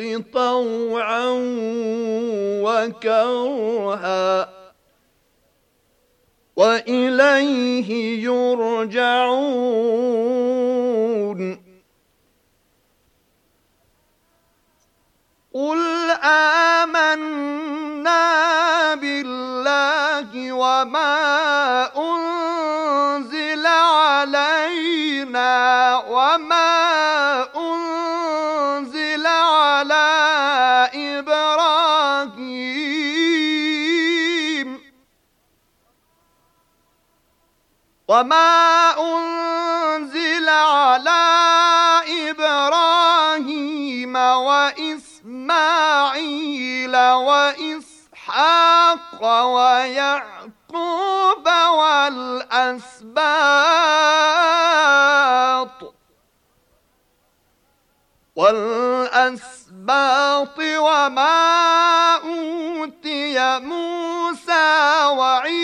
الأرض طوعا وكرها وإليه يرجعون قل آمنا بالله وما أنزل وما أنزل على إبراهيم وإسماعيل وإسحاق ويعقوب والأسباط والأسباط وما أوتي موسى وعيسى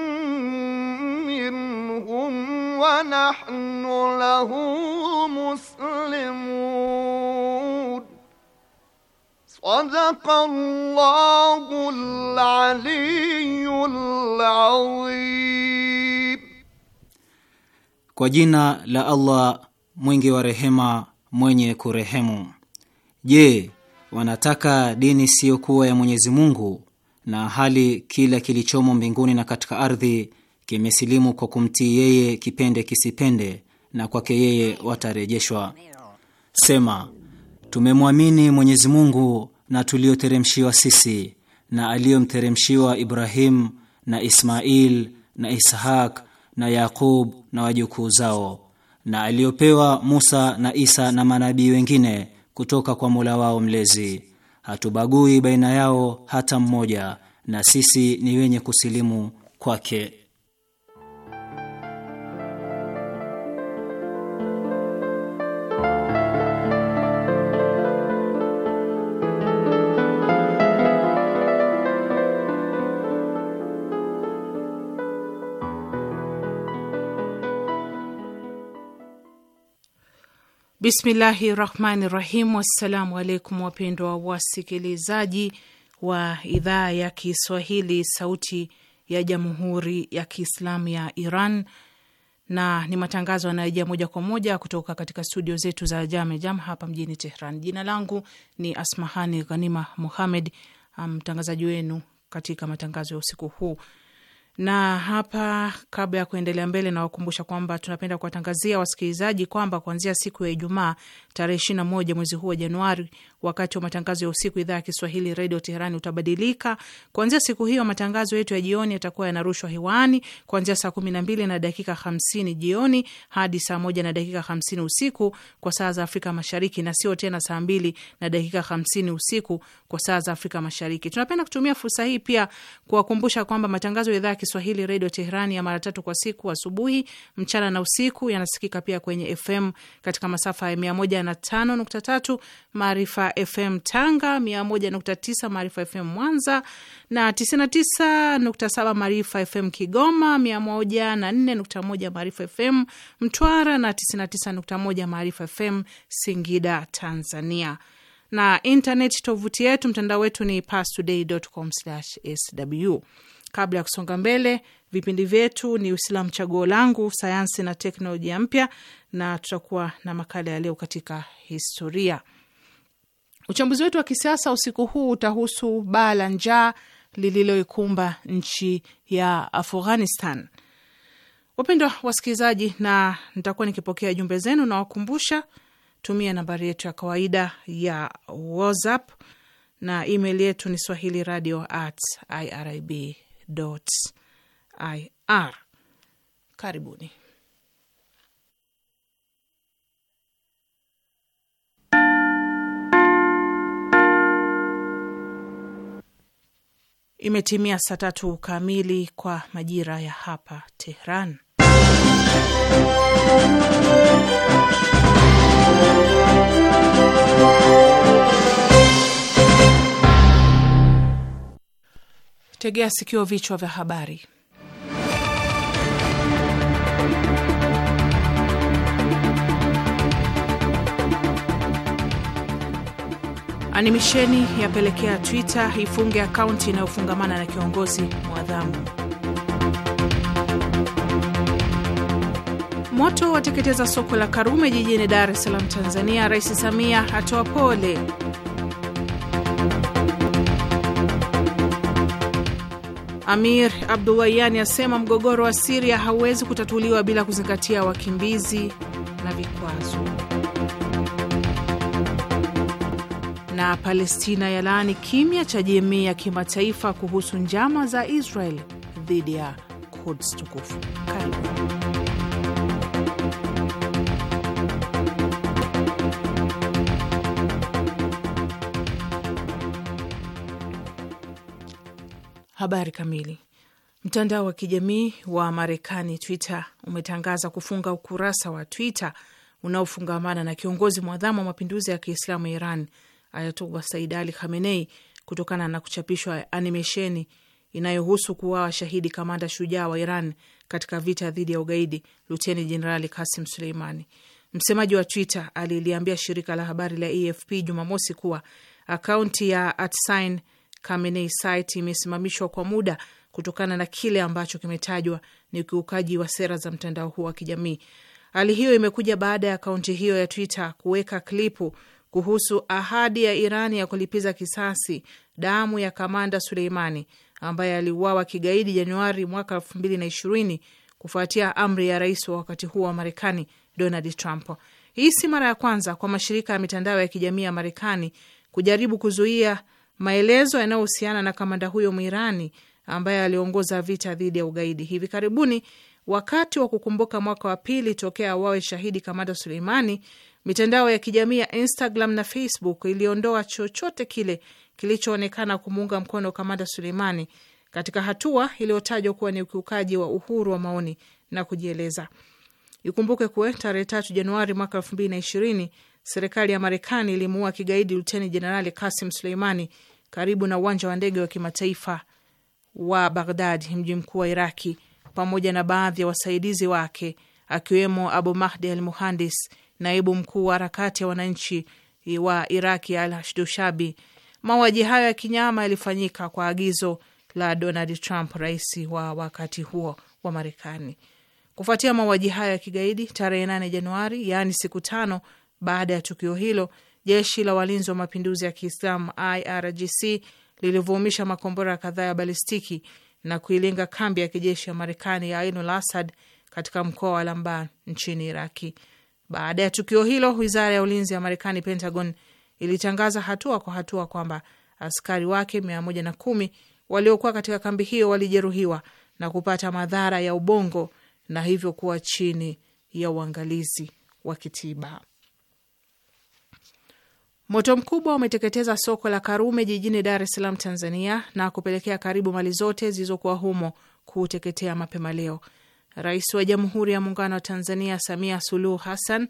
ونحن له مسلمون صدق الله العلي العظيم Kwa jina la Allah mwingi wa rehema mwenye kurehemu. Je, wanataka dini siyo kuwa ya Mwenyezi Mungu na hali kila kilichomo mbinguni na katika ardhi kimesilimu kwa kumtii yeye kipende kisipende, na kwake yeye watarejeshwa. Sema, tumemwamini Mwenyezi Mungu na tuliyoteremshiwa sisi na aliyomteremshiwa Ibrahim na Ismail na ishak na Yaqub na wajukuu zao na aliyopewa Musa na Isa na manabii wengine kutoka kwa Mola wao mlezi. Hatubagui baina yao hata mmoja, na sisi ni wenye kusilimu kwake. Bismillahi rahmani rahim. Wassalamu alaikum wapendwa wasikilizaji wa idhaa ya Kiswahili sauti ya jamhuri ya Kiislamu ya Iran, na ni matangazo yanayojia moja kwa moja kutoka katika studio zetu za jame jam hapa mjini Tehran. Jina langu ni Asmahani Ghanima Muhamed, mtangazaji wenu katika matangazo ya usiku huu na hapa, kabla ya kuendelea mbele, nawakumbusha kwamba tunapenda kuwatangazia wasikilizaji kwamba kuanzia siku ya Ijumaa tarehe ishirini na moja mwezi huu wa Januari wakati wa matangazo ya usiku idhaa ya Kiswahili redio Teherani utabadilika. Kuanzia siku hiyo matangazo yetu ya jioni yatakuwa yanarushwa hewani kuanzia saa kumi na mbili na dakika hamsini jioni hadi saa moja na dakika hamsini usiku kwa saa za Afrika Mashariki, na sio tena saa mbili na dakika hamsini usiku kwa saa za Afrika Mashariki. Tunapenda kutumia fursa hii pia kuwakumbusha kwamba matangazo ya idhaa ya Kiswahili redio Teherani ya mara tatu kwa siku, asubuhi, mchana na usiku, yanasikika pia kwenye FM katika masafa ya mia moja na tano nukta tatu Maarifa FM Tanga, 101.9 Maarifa FM Mwanza na 99.7 Maarifa FM Kigoma, 104.1 Maarifa FM Mtwara na 99.1 Maarifa FM Singida, Tanzania. Na internet, tovuti yetu, mtandao wetu ni pastoday.com/sw. Kabla ya kusonga mbele, vipindi vyetu ni Uislamu Chaguo Langu, Sayansi na Teknolojia Mpya, na tutakuwa na makala ya Leo katika Historia. Uchambuzi wetu wa kisiasa usiku huu utahusu baa la njaa lililoikumba nchi ya Afghanistan. Wapendwa wasikilizaji, na nitakuwa nikipokea jumbe zenu na wakumbusha, tumia nambari yetu ya kawaida ya WhatsApp na email yetu ni swahili radio at irib ir. Karibuni. Imetimia saa tatu kamili kwa majira ya hapa Tehran. Tegea sikio, vichwa vya habari. Animisheni yapelekea Twitter ifunge akaunti inayofungamana na kiongozi mwadhamu. Moto wateketeza soko la Karume jijini Dar es Salaam, Tanzania. Rais Samia atoa pole. Amir Abdullahiani asema mgogoro wa Siria hauwezi kutatuliwa bila kuzingatia wakimbizi na vikwazo. na Palestina yalaani kimya cha jamii ya kimataifa kuhusu njama za Israel dhidi ya Kuds tukufu. Karibu. Habari kamili. Mtandao wa kijamii wa Marekani Twitter umetangaza kufunga ukurasa wa Twitter unaofungamana na kiongozi mwadhamu wa mapinduzi ya Kiislamu Iran Ayatullah Said Ali Khamenei kutokana na kuchapishwa animesheni inayohusu kuwawa shahidi kamanda shujaa wa Iran katika vita dhidi ya ugaidi Luteni Jenerali Kasim Suleimani. Msemaji wa Twitter aliliambia shirika la habari la AFP Jumamosi kuwa akaunti ya atsign Khamenei site imesimamishwa kwa muda kutokana na kile ambacho kimetajwa ni ukiukaji wa sera za mtandao huo wa kijamii. Hali hiyo imekuja baada ya akaunti hiyo ya Twitter kuweka klipu kuhusu ahadi ya Irani ya kulipiza kisasi damu ya kamanda Suleimani ambaye aliuawa kigaidi Januari mwaka elfu mbili na ishirini kufuatia amri ya rais wa wakati huo wa Marekani Donald Trump. Hii si mara ya kwanza kwa mashirika ya mitandao ya kijamii ya Marekani kujaribu kuzuia maelezo yanayohusiana na kamanda huyo Mwirani ambaye aliongoza vita dhidi ya ugaidi. Hivi karibuni, wakati wa kukumbuka mwaka wa pili tokea wawe shahidi kamanda Suleimani, Mitandao ya kijamii ya Instagram na Facebook iliondoa chochote kile kilichoonekana kumuunga mkono kamanda Suleimani katika hatua iliyotajwa kuwa ni ukiukaji wa uhuru wa maoni na kujieleza. Ikumbuke kuwa tarehe tatu Januari mwaka elfu mbili na ishirini serikali ya Marekani ilimuua kigaidi Luteni Jenerali Kasim Suleimani karibu na uwanja wa ndege wa kimataifa wa Baghdad, mji mkuu wa Iraki, pamoja na baadhi ya wasaidizi wake akiwemo Abu Mahdi al Muhandis naibu mkuu wa harakati ya wananchi wa Iraki Al Hashdushabi. Mauaji hayo ya kinyama yalifanyika kwa agizo la Donald Trump, rais wa wakati huo wa Marekani. Kufuatia mauaji hayo ya kigaidi tarehe 8 Januari, yaani siku tano baada ya tukio hilo, jeshi la walinzi wa mapinduzi ya Kiislamu IRGC lilivuumisha makombora kadhaa ya balistiki na kuilenga kambi ya kijeshi ya Marekani ya Ainul Asad katika mkoa wa Lamban nchini Iraki. Baada ya tukio hilo, wizara ya ulinzi ya Marekani, Pentagon, ilitangaza hatua kwa hatua kwamba askari wake mia moja na kumi waliokuwa katika kambi hiyo walijeruhiwa na kupata madhara ya ubongo na hivyo kuwa chini ya uangalizi wa kitiba. Moto mkubwa umeteketeza soko la Karume jijini Dar es Salaam, Tanzania, na kupelekea karibu mali zote zilizokuwa humo kuteketea mapema leo. Rais wa Jamhuri ya Muungano wa Tanzania Samia Suluhu Hassan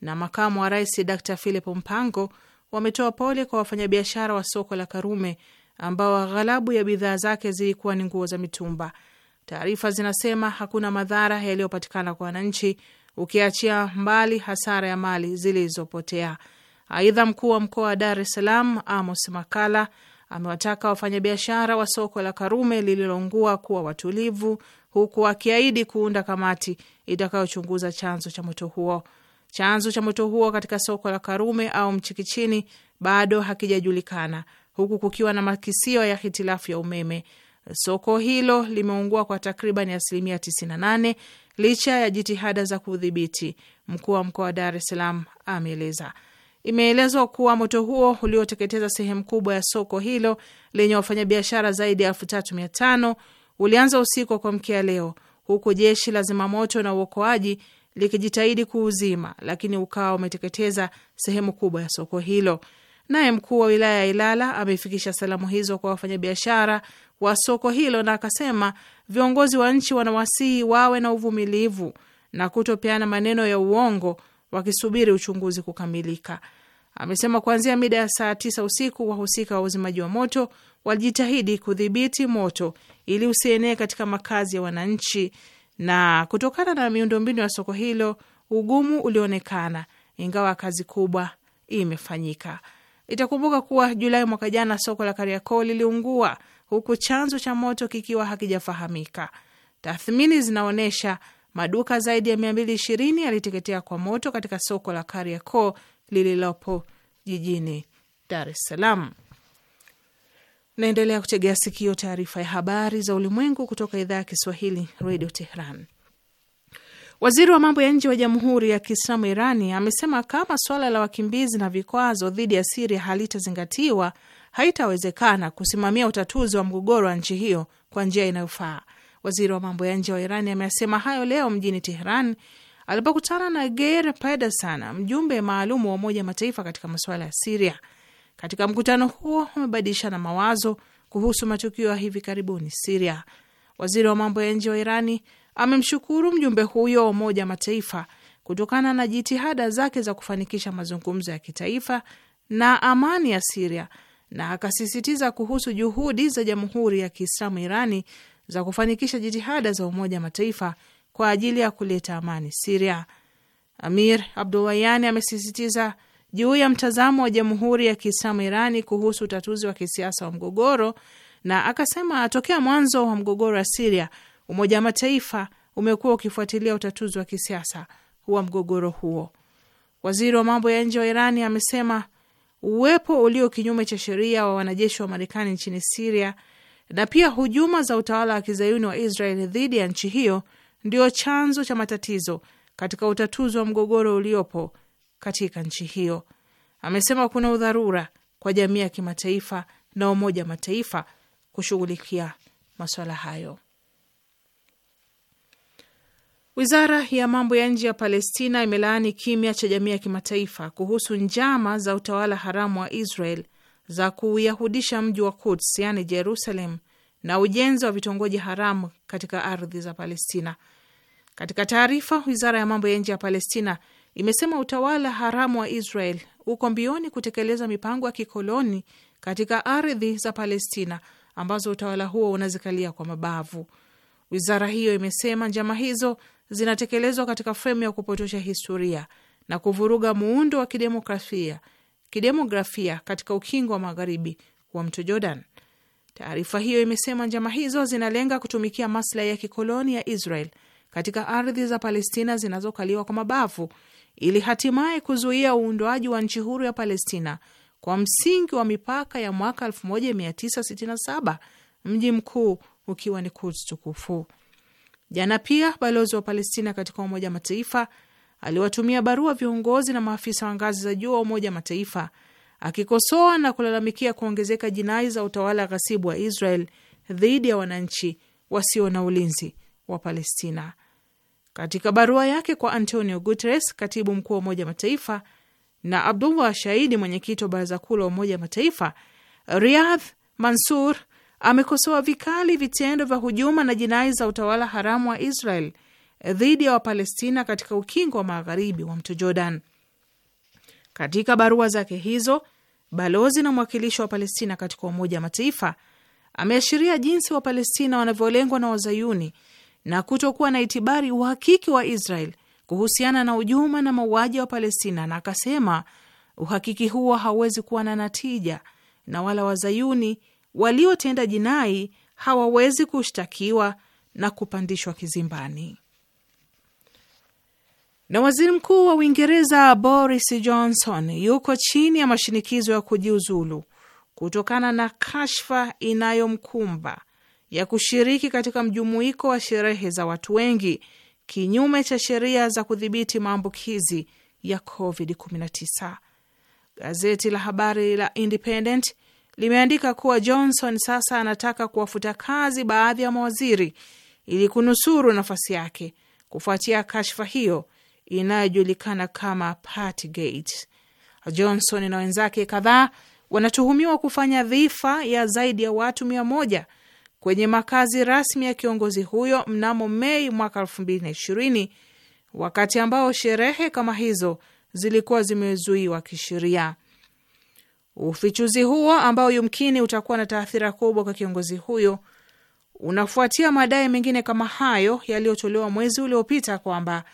na makamu wa rais Dr Philip Mpango wametoa pole kwa wafanyabiashara wa soko la Karume ambao ghalabu ya bidhaa zake zilikuwa ni nguo za mitumba. Taarifa zinasema hakuna madhara yaliyopatikana kwa wananchi, ukiachia mbali hasara ya mali zilizopotea. Aidha, mkuu wa mkoa wa Dar es Salaam Amos Makala amewataka wafanyabiashara wa soko la Karume lililoungua kuwa watulivu, huku akiahidi kuunda kamati itakayochunguza chanzo cha moto huo. Chanzo cha moto huo katika soko la Karume au Mchikichini bado hakijajulikana, huku kukiwa na makisio ya hitilafu ya umeme. Soko hilo limeungua kwa takriban asilimia 98 licha ya jitihada za kudhibiti, mkuu wa mkoa wa Dar es Salaam ameeleza. Imeelezwa kuwa moto huo ulioteketeza sehemu kubwa ya soko hilo lenye wafanyabiashara zaidi ya elfu tatu mia tano ulianza usiku wa kuamkia leo, huku jeshi la zimamoto na uokoaji likijitahidi kuuzima, lakini ukawa umeteketeza sehemu kubwa ya soko hilo. Naye mkuu wa wilaya ya Ilala amefikisha salamu hizo kwa wafanyabiashara wa soko hilo na akasema viongozi wa nchi wanawasihi wawe na uvumilivu na kutopeana maneno ya uongo wakisubiri uchunguzi kukamilika. Amesema kuanzia mida ya saa tisa usiku wahusika wa uzimaji wa moto walijitahidi kudhibiti moto ili usienee katika makazi ya wananchi, na kutokana na miundombinu ya soko hilo ugumu ulionekana, ingawa kazi kubwa imefanyika. Itakumbuka kuwa Julai mwaka jana soko la Kariakoo liliungua huku chanzo cha moto kikiwa hakijafahamika. Tathmini zinaonyesha Maduka zaidi ya 220 yaliteketea kwa moto katika soko la Kariakoo lililopo jijini Dar es Salaam. Naendelea kutegea sikio taarifa ya habari za ulimwengu kutoka idhaa ya Kiswahili, Radio Tehran. Waziri wa mambo ya nje wa Jamhuri ya Kiislamu Irani amesema kama suala la wakimbizi na vikwazo dhidi ya Siria halitazingatiwa haitawezekana kusimamia utatuzi wa mgogoro wa nchi hiyo kwa njia inayofaa. Waziri wa mambo ya nje wa Irani ameasema hayo leo mjini Tehran alipokutana na Geir Pedersen, mjumbe maalum wa Umoja Mataifa katika masuala ya Siria. Katika mkutano huo wamebadilishana mawazo kuhusu matukio ya hivi karibuni Siria. Waziri wa mambo ya nje wa Irani amemshukuru mjumbe huyo wa Umoja Mataifa kutokana na jitihada zake za kufanikisha mazungumzo ya kitaifa na amani ya Siria na akasisitiza kuhusu juhudi za Jamhuri ya Kiislamu Irani za kufanikisha jitihada za Umoja Mataifa kwa ajili ya kuleta amani Siria. Amir Abdulayani amesisitiza juu ya mtazamo wa Jamhuri ya Kiislamu Irani kuhusu utatuzi wa kisiasa wa mgogoro, na akasema tokea mwanzo wa mgogoro wa Siria, Umoja wa Mataifa umekuwa ukifuatilia utatuzi wa kisiasa wa mgogoro huo. Waziri wa mambo ya nje wa Irani amesema uwepo ulio kinyume cha sheria wa wanajeshi wa Marekani nchini Siria na pia hujuma za utawala wa kizayuni wa Israel dhidi ya nchi hiyo ndio chanzo cha matatizo katika utatuzi wa mgogoro uliopo katika nchi hiyo. Amesema kuna udharura kwa jamii ya kimataifa na Umoja wa Mataifa kushughulikia masuala hayo. Wizara ya mambo ya nje ya Palestina imelaani kimya cha jamii ya kimataifa kuhusu njama za utawala haramu wa Israel za kuuyahudisha mji wa Kuds yani Jerusalem na ujenzi wa vitongoji haramu katika ardhi za Palestina. Katika taarifa, wizara ya mambo ya nje ya Palestina imesema utawala haramu wa Israel uko mbioni kutekeleza mipango ya kikoloni katika ardhi za Palestina ambazo utawala huo unazikalia kwa mabavu. Wizara hiyo imesema njama hizo zinatekelezwa katika fremu ya kupotosha historia na kuvuruga muundo wa kidemokrasia kidemografia katika ukingo wa magharibi wa mto Jordan. Taarifa hiyo imesema njama hizo zinalenga kutumikia maslahi ya kikoloni ya Israel katika ardhi za Palestina zinazokaliwa kwa mabavu ili hatimaye kuzuia uundwaji wa nchi huru ya Palestina kwa msingi wa mipaka ya mwaka 1967 mji mkuu ukiwa ni kuts tukufu. Jana pia balozi wa Palestina katika Umoja wa Mataifa aliwatumia barua viongozi na maafisa wa ngazi za juu wa Umoja Mataifa akikosoa na kulalamikia kuongezeka jinai za utawala ghasibu wa Israel dhidi ya wananchi wasio na ulinzi wa Palestina. Katika barua yake kwa Antonio Guterres, katibu mkuu wa Umoja Mataifa, na Abdullah Shaidi, mwenyekiti wa Baraza Kuu la Umoja Mataifa, Riyadh Mansur amekosoa vikali vitendo vya hujuma na jinai za utawala haramu wa Israel dhidi ya Wapalestina katika ukingo wa magharibi wa mto Jordan. Katika barua zake hizo, balozi na mwakilishi wa Palestina katika Umoja wa Mataifa ameashiria jinsi Wapalestina wanavyolengwa na Wazayuni na kutokuwa na itibari uhakiki wa Israel kuhusiana na ujuma na mauaji wa Palestina, na akasema uhakiki huo hauwezi kuwa na natija na wala Wazayuni waliotenda jinai hawawezi kushtakiwa na kupandishwa kizimbani. Na waziri mkuu wa Uingereza Boris Johnson yuko chini ya mashinikizo ya kujiuzulu kutokana na kashfa inayomkumba ya kushiriki katika mjumuiko wa sherehe za watu wengi kinyume cha sheria za kudhibiti maambukizi ya COVID-19. Gazeti la habari la Independent limeandika kuwa Johnson sasa anataka kuwafuta kazi baadhi ya mawaziri ili kunusuru nafasi yake kufuatia kashfa hiyo inayojulikana kama Partygate. Johnson na wenzake kadhaa wanatuhumiwa kufanya dhifa ya zaidi ya watu mia moja kwenye makazi rasmi ya kiongozi huyo mnamo Mei mwaka elfu mbili na ishirini, wakati ambao sherehe kama hizo zilikuwa zimezuiwa kisheria. Ufichuzi huo ambao yumkini utakuwa na taathira kubwa kwa kiongozi huyo unafuatia madai mengine kama hayo yaliyotolewa mwezi uliopita kwamba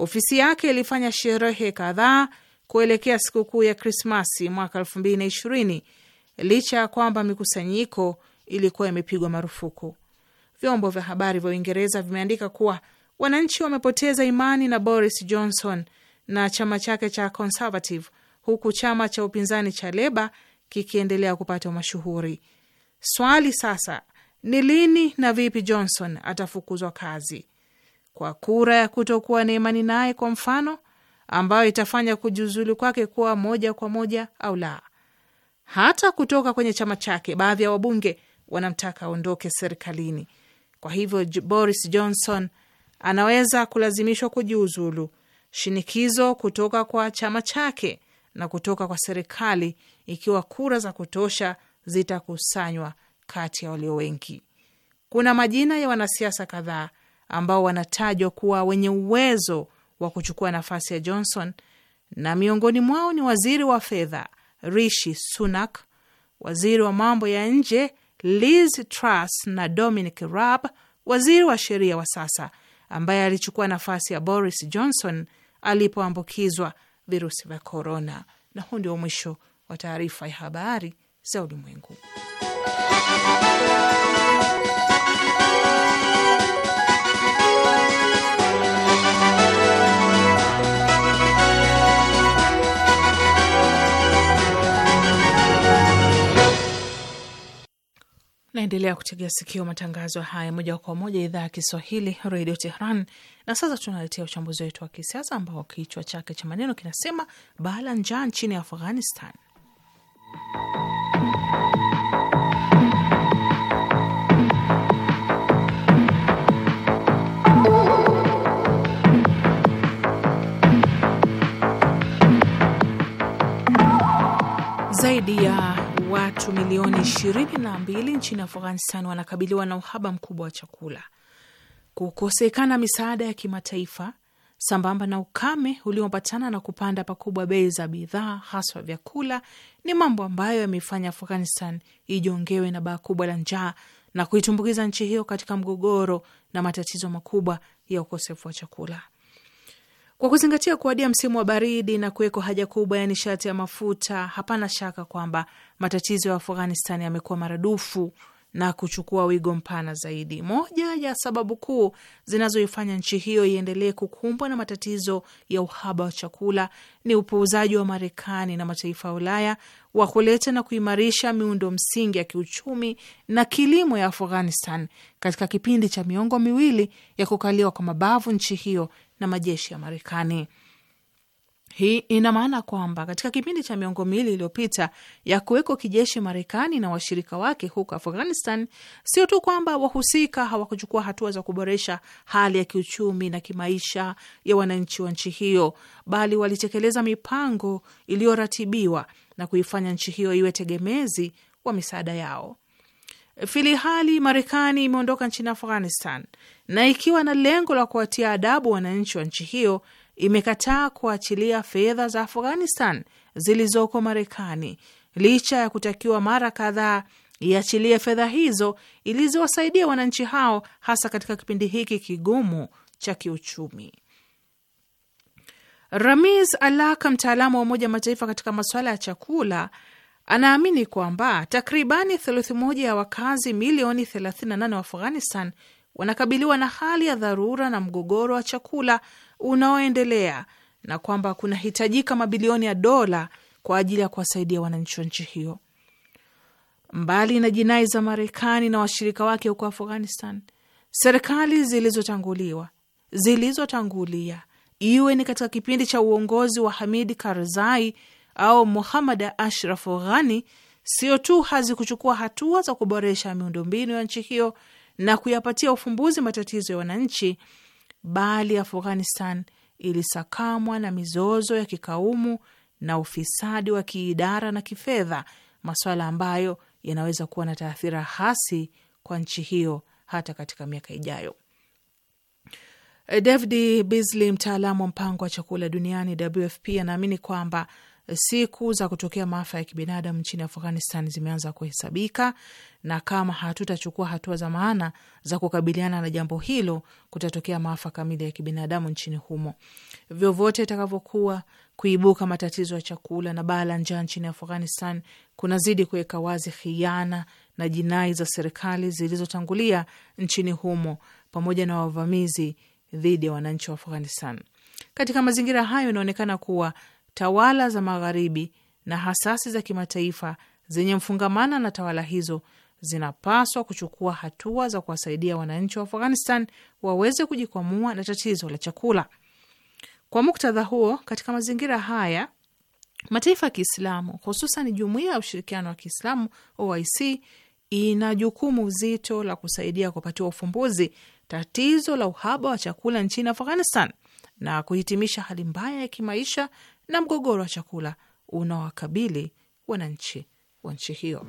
Ofisi yake ilifanya sherehe kadhaa kuelekea sikukuu ya Krismasi mwaka elfu mbili na ishirini licha ya kwamba mikusanyiko ilikuwa imepigwa marufuku. Vyombo vya habari vya Uingereza vimeandika kuwa wananchi wamepoteza imani na Boris Johnson na chama chake cha Conservative, huku chama cha upinzani cha Leba kikiendelea kupata mashuhuri Swali sasa ni lini na vipi Johnson atafukuzwa kazi? kwa kura ya kutokuwa na imani naye, kwa mfano, ambayo itafanya kujiuzulu kwake kuwa moja kwa moja au la. Hata kutoka kwenye chama chake baadhi ya wabunge wanamtaka aondoke serikalini. Kwa hivyo Boris Johnson anaweza kulazimishwa kujiuzulu. Shinikizo kutoka kwa chama chake na kutoka kwa serikali, ikiwa kura za kutosha zitakusanywa kati ya walio wengi. Kuna majina ya wanasiasa kadhaa ambao wanatajwa kuwa wenye uwezo wa kuchukua nafasi ya Johnson, na miongoni mwao ni waziri wa fedha Rishi Sunak, waziri wa mambo ya nje Liz Truss na Dominic Raab, waziri wa sheria wa sasa ambaye alichukua nafasi ya Boris Johnson alipoambukizwa virusi vya korona. Na huu ndio mwisho wa taarifa ya habari za ulimwengu. Naendelea kutegea sikio matangazo haya moja kwa moja idhaa ya Kiswahili redio Tehran. Na sasa tunaletea uchambuzi wetu wa kisiasa ambao kichwa chake cha maneno kinasema baa la njaa nchini Afghanistan. Zaidi ya Watu milioni 22 nchini Afghanistan wanakabiliwa na uhaba mkubwa wa chakula, kukosekana misaada ya kimataifa sambamba na ukame ulioambatana na kupanda pakubwa bei za bidhaa haswa vyakula, ni mambo ambayo yameifanya Afghanistan ijongewe na baa kubwa la njaa na kuitumbukiza nchi hiyo katika mgogoro na matatizo makubwa ya ukosefu wa chakula. Kwa kuzingatia kuwadia msimu wa baridi na kuweko haja kubwa ya nishati ya mafuta, hapana shaka kwamba matatizo ya Afghanistan yamekuwa maradufu na kuchukua wigo mpana zaidi. Moja ya sababu kuu zinazoifanya nchi hiyo iendelee kukumbwa na matatizo ya uhaba wa chakula ni upuuzaji wa Marekani na mataifa ya Ulaya wa kuleta na kuimarisha miundo msingi ya kiuchumi na kilimo ya Afghanistan katika kipindi cha miongo miwili ya kukaliwa kwa mabavu nchi hiyo na majeshi ya Marekani. Hii ina maana kwamba katika kipindi cha miongo miwili iliyopita ya kuweko kijeshi Marekani na washirika wake huko Afghanistan, sio tu kwamba wahusika hawakuchukua hatua za kuboresha hali ya kiuchumi na kimaisha ya wananchi wa nchi hiyo, bali walitekeleza mipango iliyoratibiwa na kuifanya nchi hiyo iwe tegemezi wa misaada yao. Filihali Marekani imeondoka nchini Afghanistan na ikiwa na lengo la kuwatia adabu wananchi wa nchi hiyo, imekataa kuachilia fedha za Afghanistan zilizoko Marekani licha ya kutakiwa mara kadhaa iachilie fedha hizo ilizowasaidia wananchi hao hasa katika kipindi hiki kigumu cha kiuchumi. Ramiz Alaka, mtaalamu wa Umoja Mataifa katika masuala ya chakula, anaamini kwamba takribani theluthi moja ya wakazi milioni 38 wa Afghanistan wanakabiliwa na hali ya dharura na mgogoro wa chakula unaoendelea na kwamba kunahitajika mabilioni ya dola kwa ajili ya kuwasaidia wananchi wa nchi hiyo. Mbali na jinai za Marekani na washirika wake huko Afghanistan, serikali zilizotanguliwa zilizotangulia iwe ni katika kipindi cha uongozi wa Hamid Karzai au Muhamad Ashraf Ghani sio tu hazikuchukua hatua za kuboresha miundombinu ya nchi hiyo na kuyapatia ufumbuzi matatizo ya wananchi, bali Afghanistan ilisakamwa na mizozo ya kikaumu na ufisadi wa kiidara na kifedha, masuala ambayo yanaweza kuwa na taathira hasi kwa nchi hiyo hata katika miaka ijayo. David Beasley, mtaalamu wa mpango wa chakula duniani WFP, anaamini kwamba siku za kutokea maafa ya kibinadamu nchini Afghanistan zimeanza kuhesabika, na kama hatutachukua hatua za maana za kukabiliana na jambo hilo, kutatokea maafa kamili ya kibinadamu nchini humo. Vyovyote itakavyokuwa, kuibuka matatizo ya chakula na baa la njaa nchini Afghanistan kunazidi kuweka wazi khiana na jinai za serikali zilizotangulia nchini humo pamoja na wavamizi dhidi ya wananchi wa Afghanistan. Katika mazingira hayo, inaonekana kuwa tawala za Magharibi na hasasi za kimataifa zenye mfungamana na tawala hizo zinapaswa kuchukua hatua za kuwasaidia wananchi wa Afghanistan waweze kujikwamua na tatizo la chakula. Kwa muktadha huo, katika mazingira haya, mataifa ya Kiislamu hususan Jumuiya ya Ushirikiano wa Kiislamu OIC ina jukumu zito la kusaidia kupatiwa ufumbuzi tatizo la uhaba wa chakula nchini Afghanistan na kuhitimisha hali mbaya ya kimaisha na mgogoro wa chakula unaowakabili wananchi wa nchi hiyo.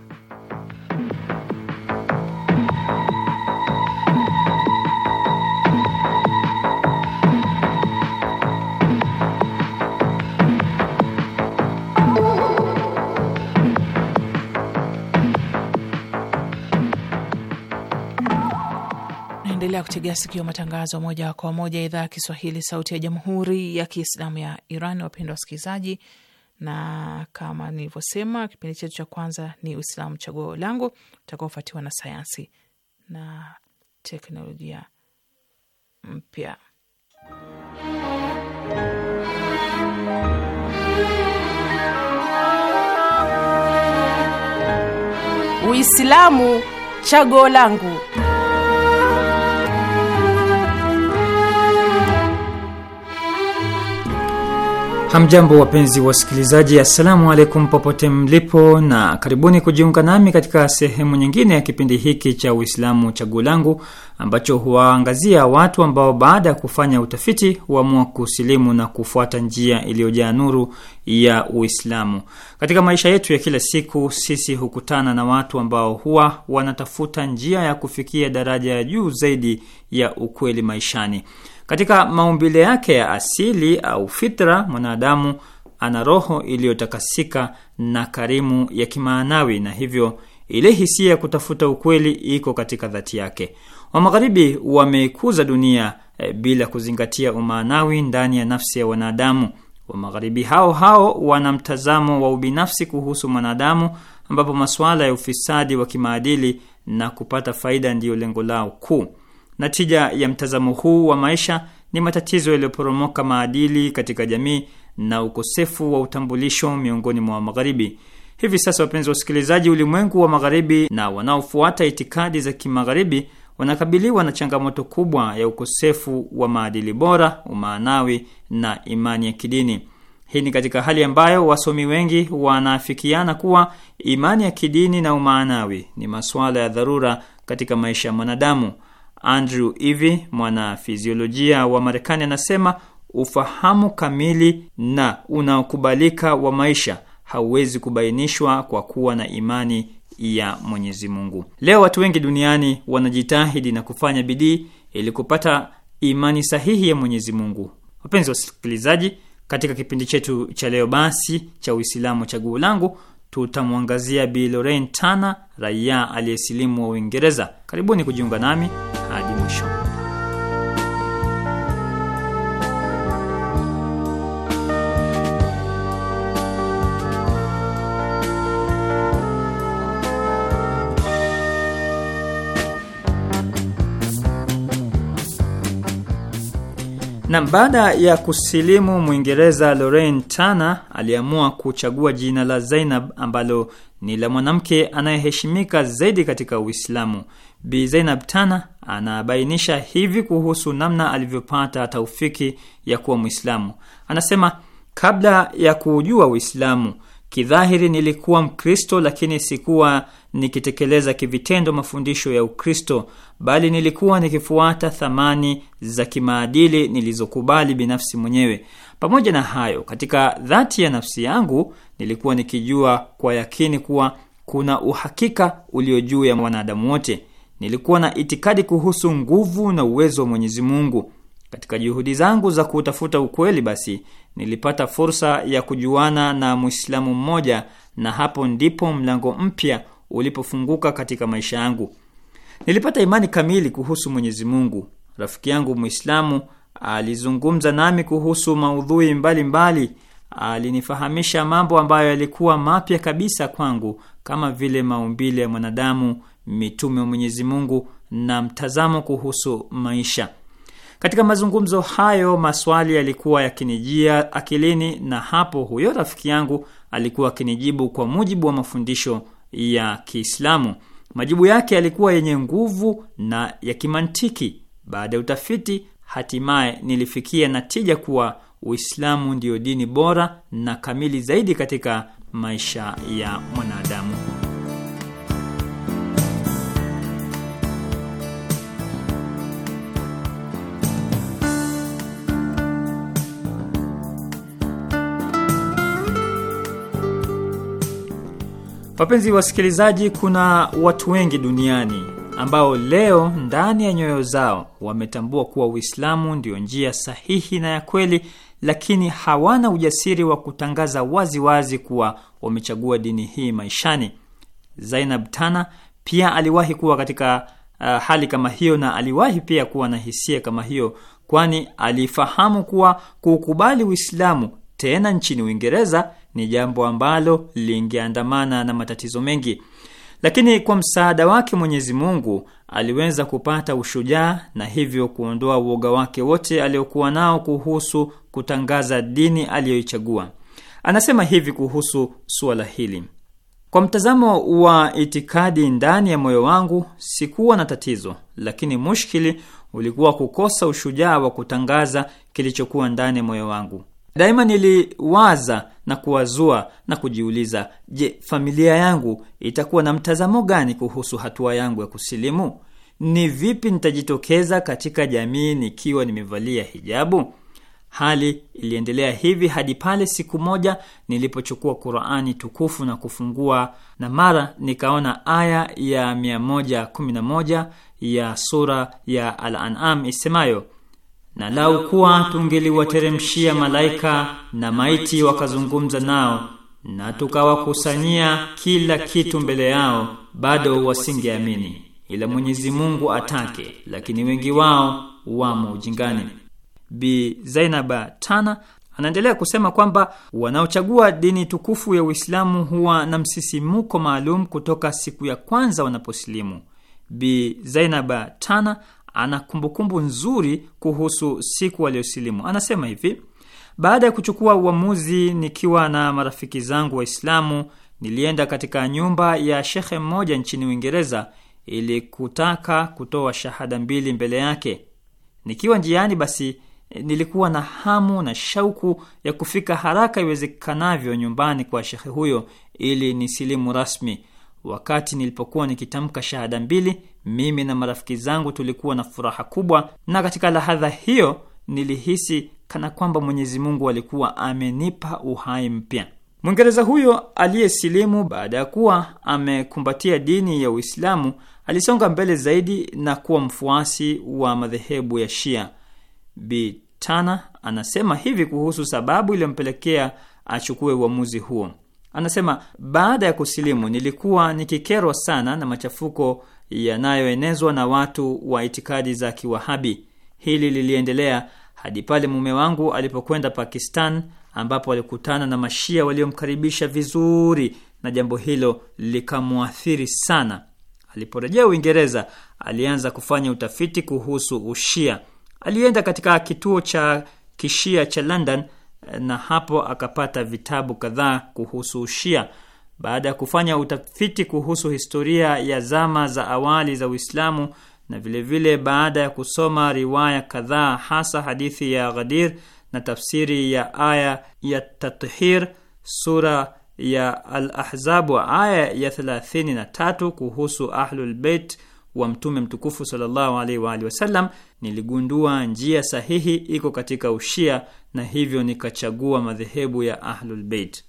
Mnaendelea kutegea sikio matangazo moja kwa moja idhaa ya Kiswahili, sauti ya jamhuri ya kiislamu ya Iran. Wapendwa wasikilizaji, na kama nilivyosema, kipindi chetu cha kwanza ni Uislamu chaguo langu, utakaofuatiwa na sayansi na teknolojia mpya. Uislamu chaguo langu. Hamjambo, wapenzi wasikilizaji, assalamu alaikum popote mlipo, na karibuni kujiunga nami katika sehemu nyingine ya kipindi hiki cha Uislamu Chaguo Langu ambacho huwaangazia watu ambao baada ya kufanya utafiti huamua kusilimu na kufuata njia iliyojaa nuru ya Uislamu. Katika maisha yetu ya kila siku, sisi hukutana na watu ambao huwa wanatafuta njia ya kufikia daraja ya juu zaidi ya ukweli maishani. Katika maumbile yake ya asili au fitra, mwanadamu ana roho iliyotakasika na karimu ya kimaanawi, na hivyo ile hisia ya kutafuta ukweli iko katika dhati yake. Wa Magharibi wameikuza dunia e, bila kuzingatia umaanawi ndani ya nafsi ya wanadamu. Wa Magharibi hao hao wana mtazamo wa ubinafsi kuhusu mwanadamu, ambapo masuala ya ufisadi wa kimaadili na kupata faida ndiyo lengo lao kuu natija ya mtazamo huu wa maisha ni matatizo yaliyoporomoka maadili katika jamii na ukosefu wa utambulisho miongoni mwa magharibi. Hivi sasa, wapenzi wa usikilizaji, ulimwengu wa magharibi na wanaofuata itikadi za kimagharibi wanakabiliwa na changamoto kubwa ya ukosefu wa maadili bora, umaanawi na imani ya kidini. Hii ni katika hali ambayo wasomi wengi wanaafikiana kuwa imani ya kidini na umaanawi ni masuala ya dharura katika maisha ya mwanadamu. Andrew Ivy, mwanafiziolojia wa Marekani, anasema ufahamu kamili na unaokubalika wa maisha hauwezi kubainishwa kwa kuwa na imani ya Mwenyezi Mungu. Leo watu wengi duniani wanajitahidi na kufanya bidii ili kupata imani sahihi ya Mwenyezi Mungu. Wapenzi wasikilizaji, katika kipindi chetu cha leo basi cha Uislamu Chaguo Langu tutamwangazia Bi Lorraine Tana, raia aliyesilimu wa Uingereza. Karibuni kujiunga nami. Na baada ya kusilimu Mwingereza Lorraine Tana aliamua kuchagua jina la Zainab ambalo ni la mwanamke anayeheshimika zaidi katika Uislamu. Bi Zainab Tana anabainisha hivi kuhusu namna alivyopata taufiki ya kuwa Mwislamu. Anasema kabla ya kuujua Uislamu Kidhahiri nilikuwa Mkristo, lakini sikuwa nikitekeleza kivitendo mafundisho ya Ukristo, bali nilikuwa nikifuata thamani za kimaadili nilizokubali binafsi mwenyewe. Pamoja na hayo, katika dhati ya nafsi yangu nilikuwa nikijua kwa yakini kuwa kuna uhakika ulio juu ya mwanadamu wote. Nilikuwa na itikadi kuhusu nguvu na uwezo wa Mwenyezi Mungu. Katika juhudi zangu za kutafuta ukweli, basi nilipata fursa ya kujuana na Muislamu mmoja, na hapo ndipo mlango mpya ulipofunguka katika maisha yangu. Nilipata imani kamili kuhusu Mwenyezi Mungu. Rafiki yangu Muislamu alizungumza nami kuhusu maudhui mbalimbali mbali. Alinifahamisha mambo ambayo yalikuwa mapya kabisa kwangu, kama vile maumbile ya mwanadamu, mitume wa Mwenyezi Mungu na mtazamo kuhusu maisha. Katika mazungumzo hayo maswali yalikuwa yakinijia akilini, na hapo huyo rafiki yangu alikuwa akinijibu kwa mujibu wa mafundisho ya Kiislamu. Majibu yake yalikuwa yenye nguvu na ya kimantiki. Baada ya utafiti, hatimaye nilifikia natija kuwa Uislamu ndiyo dini bora na kamili zaidi katika maisha ya mwanadamu. Wapenzi wasikilizaji, kuna watu wengi duniani ambao leo ndani ya nyoyo zao wametambua kuwa Uislamu ndio njia sahihi na ya kweli, lakini hawana ujasiri wa kutangaza waziwazi wazi kuwa wamechagua dini hii maishani. Zainab Tana pia aliwahi kuwa katika uh, hali kama hiyo na aliwahi pia kuwa na hisia kama hiyo, kwani alifahamu kuwa kuukubali Uislamu tena nchini Uingereza ni jambo ambalo lingeandamana na matatizo mengi, lakini kwa msaada wake Mwenyezi Mungu aliweza kupata ushujaa na hivyo kuondoa uoga wake wote aliokuwa nao kuhusu kutangaza dini aliyoichagua. Anasema hivi kuhusu suala hili: kwa mtazamo wa itikadi, ndani ya moyo wangu sikuwa na tatizo, lakini mushkili ulikuwa kukosa ushujaa wa kutangaza kilichokuwa ndani ya moyo wangu. Daima niliwaza na kuwazua na kujiuliza, je, familia yangu itakuwa na mtazamo gani kuhusu hatua yangu ya kusilimu? Ni vipi nitajitokeza katika jamii nikiwa nimevalia hijabu? Hali iliendelea hivi hadi pale siku moja nilipochukua Qur'ani tukufu na kufungua, na mara nikaona aya ya 111 ya sura ya Al-An'am isemayo na lau kuwa tungeliwateremshia malaika na maiti wakazungumza nao na tukawakusanyia kila kitu mbele yao bado wasingeamini ila Mwenyezi Mungu atake lakini wengi wao wamo ujingani b Zainaba Tana anaendelea kusema kwamba wanaochagua dini tukufu ya Uislamu huwa na msisimuko maalum kutoka siku ya kwanza wanaposilimu b Zainaba Tana ana kumbukumbu nzuri kuhusu siku aliyosilimu. Anasema hivi: baada ya kuchukua uamuzi, nikiwa na marafiki zangu Waislamu, nilienda katika nyumba ya shekhe mmoja nchini Uingereza ili kutaka kutoa shahada mbili mbele yake. Nikiwa njiani, basi nilikuwa na hamu na shauku ya kufika haraka iwezekanavyo nyumbani kwa shekhe huyo ili nisilimu rasmi. Wakati nilipokuwa nikitamka shahada mbili, mimi na marafiki zangu tulikuwa na furaha kubwa, na katika lahadha hiyo nilihisi kana kwamba Mwenyezi Mungu alikuwa amenipa uhai mpya. Mwingereza huyo aliyesilimu baada ya kuwa amekumbatia dini ya Uislamu alisonga mbele zaidi na kuwa mfuasi wa madhehebu ya Shia. Bi Tana anasema hivi kuhusu sababu iliyompelekea achukue uamuzi huo. Anasema, baada ya kusilimu nilikuwa nikikerwa sana na machafuko yanayoenezwa na watu wa itikadi za Kiwahabi. Hili liliendelea hadi pale mume wangu alipokwenda Pakistan, ambapo alikutana na mashia waliomkaribisha vizuri, na jambo hilo likamwathiri sana. Aliporejea Uingereza, alianza kufanya utafiti kuhusu Ushia. Alienda katika kituo cha kishia cha London na hapo akapata vitabu kadhaa kuhusu Ushia baada ya kufanya utafiti kuhusu historia ya zama za awali za Uislamu na vilevile vile baada ya kusoma riwaya kadhaa hasa hadithi ya Ghadir na tafsiri ya aya ya Tathir sura ya al aya ya 33 kuhusu ahlulbeit wa Mtume mtukufu sallallahu alaihi wa alihi wasallam, niligundua njia sahihi iko katika Ushia na hivyo nikachagua madhehebu ya ahlulbeit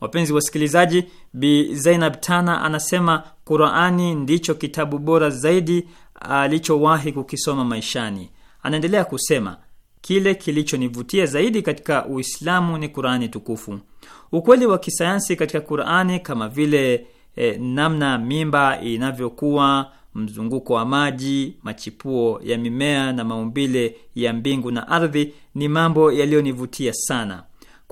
Wapenzi wasikilizaji, Bi Zainab Tana anasema Qurani ndicho kitabu bora zaidi alichowahi kukisoma maishani. Anaendelea kusema kile kilichonivutia zaidi katika Uislamu ni Qurani tukufu. Ukweli wa kisayansi katika Qurani kama vile e, namna mimba inavyokuwa, mzunguko wa maji, machipuo ya mimea na maumbile ya mbingu na ardhi ni mambo yaliyonivutia sana.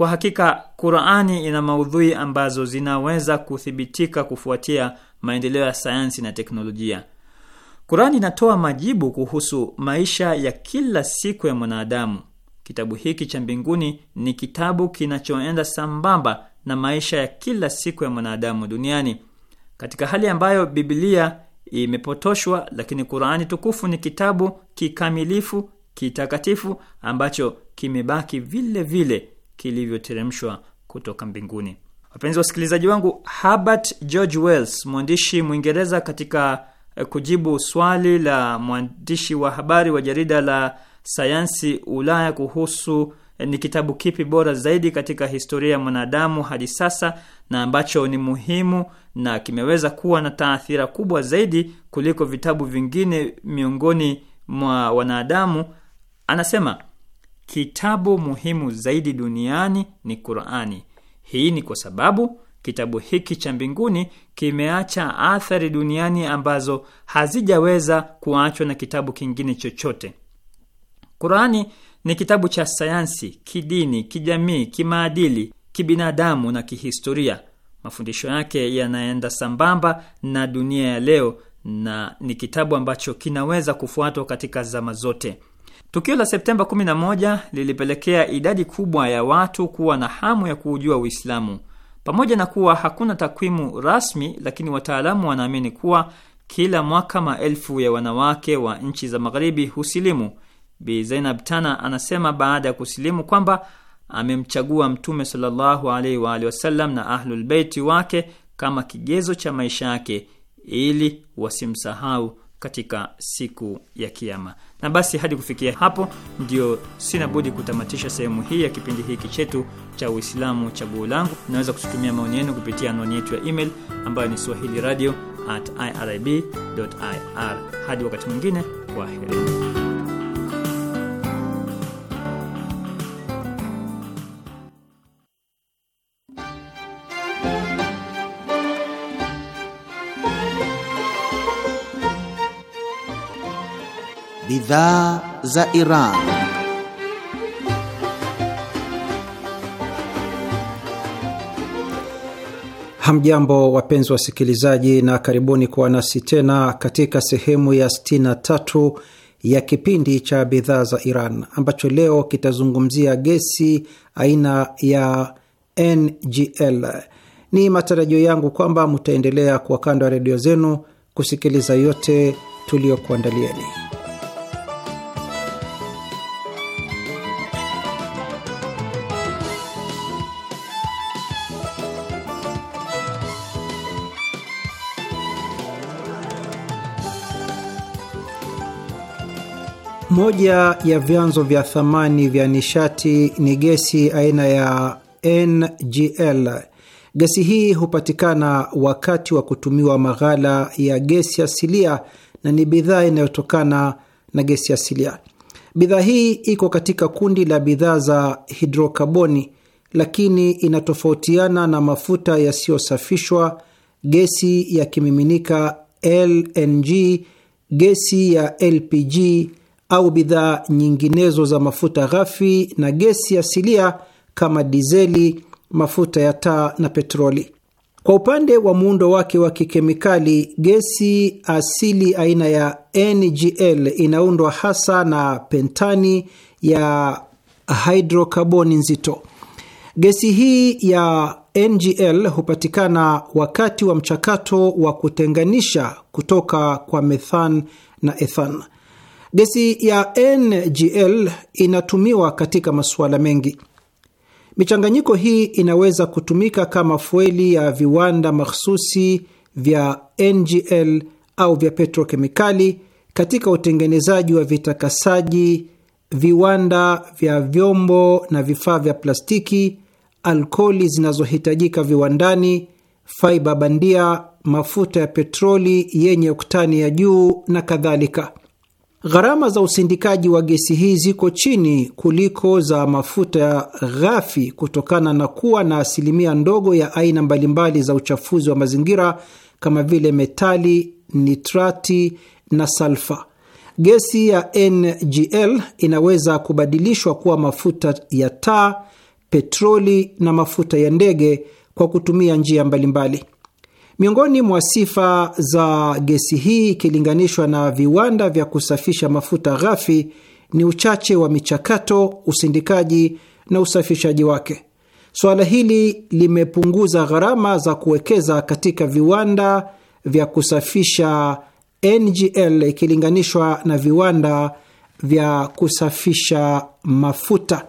Kwa hakika Qur'ani ina maudhui ambazo zinaweza kuthibitika kufuatia maendeleo ya sayansi na teknolojia. Qur'ani inatoa majibu kuhusu maisha ya kila siku ya mwanadamu. Kitabu hiki cha mbinguni ni kitabu kinachoenda sambamba na maisha ya kila siku ya mwanadamu duniani. Katika hali ambayo Biblia imepotoshwa, lakini Qur'ani tukufu ni kitabu kikamilifu, kitakatifu ambacho kimebaki vile vile kilivyoteremshwa kutoka mbinguni. Wapenzi wasikilizaji wangu, Herbert George Wells, mwandishi Mwingereza, katika eh, kujibu swali la mwandishi wa habari wa jarida la sayansi Ulaya kuhusu eh, ni kitabu kipi bora zaidi katika historia ya mwanadamu hadi sasa na ambacho ni muhimu na kimeweza kuwa na taathira kubwa zaidi kuliko vitabu vingine miongoni mwa wanadamu, anasema kitabu muhimu zaidi duniani ni Qur'ani. Hii ni kwa sababu kitabu hiki cha mbinguni kimeacha athari duniani ambazo hazijaweza kuachwa na kitabu kingine chochote. Qur'ani ni kitabu cha sayansi, kidini, kijamii, kimaadili, kibinadamu na kihistoria. Mafundisho yake yanaenda sambamba na dunia ya leo na ni kitabu ambacho kinaweza kufuatwa katika zama zote. Tukio la Septemba 11 lilipelekea idadi kubwa ya watu kuwa na hamu ya kuujua Uislamu. Pamoja na kuwa hakuna takwimu rasmi, lakini wataalamu wanaamini kuwa kila mwaka maelfu ya wanawake wa nchi za magharibi husilimu. Bi Zainab Tana anasema baada ya kusilimu kwamba amemchagua Mtume sallallahu alaihi wa alihi wasallam na Ahlulbeiti wake kama kigezo cha maisha yake ili wasimsahau katika siku ya Kiama. Na basi hadi kufikia hapo, ndio sina budi kutamatisha sehemu hii ya kipindi hiki chetu cha Uislamu Chaguo Langu. Naweza kututumia maoni yenu kupitia anwani yetu ya email ambayo ni swahili radio at Hadi wakati mwingine, kwaherini. bidhaa za Iran. Hamjambo wapenzi wasikilizaji, na karibuni kuwa nasi tena katika sehemu ya 63 ya kipindi cha bidhaa za Iran ambacho leo kitazungumzia gesi aina ya NGL. Ni matarajio yangu kwamba mtaendelea kuwa kando ya redio zenu kusikiliza yote tuliyokuandalieni. Moja ya vyanzo vya thamani vya nishati ni gesi aina ya NGL. Gesi hii hupatikana wakati wa kutumiwa maghala ya gesi asilia na ni bidhaa inayotokana na gesi asilia. Bidhaa hii iko katika kundi la bidhaa za hidrokaboni lakini inatofautiana na mafuta yasiyosafishwa, gesi ya kimiminika LNG, gesi ya LPG au bidhaa nyinginezo za mafuta ghafi na gesi asilia kama dizeli, mafuta ya taa na petroli. Kwa upande wa muundo wake wa kikemikali, gesi asili aina ya NGL inaundwa hasa na pentani ya hidrokaboni nzito. Gesi hii ya NGL hupatikana wakati wa mchakato wa kutenganisha kutoka kwa methan na ethan. Gesi ya NGL inatumiwa katika masuala mengi. Michanganyiko hii inaweza kutumika kama fueli ya viwanda mahsusi vya NGL au vya petrokemikali katika utengenezaji wa vitakasaji, viwanda vya vyombo na vifaa vya plastiki, alkoli zinazohitajika viwandani, faiba bandia, mafuta ya petroli yenye oktani ya juu na kadhalika. Gharama za usindikaji wa gesi hii ziko chini kuliko za mafuta ghafi kutokana na kuwa na asilimia ndogo ya aina mbalimbali za uchafuzi wa mazingira kama vile metali, nitrati na salfa. Gesi ya NGL inaweza kubadilishwa kuwa mafuta ya taa, petroli na mafuta ya ndege kwa kutumia njia mbalimbali. Miongoni mwa sifa za gesi hii ikilinganishwa na viwanda vya kusafisha mafuta ghafi ni uchache wa michakato, usindikaji na usafishaji wake. Suala hili limepunguza gharama za kuwekeza katika viwanda vya kusafisha NGL ikilinganishwa na viwanda vya kusafisha mafuta.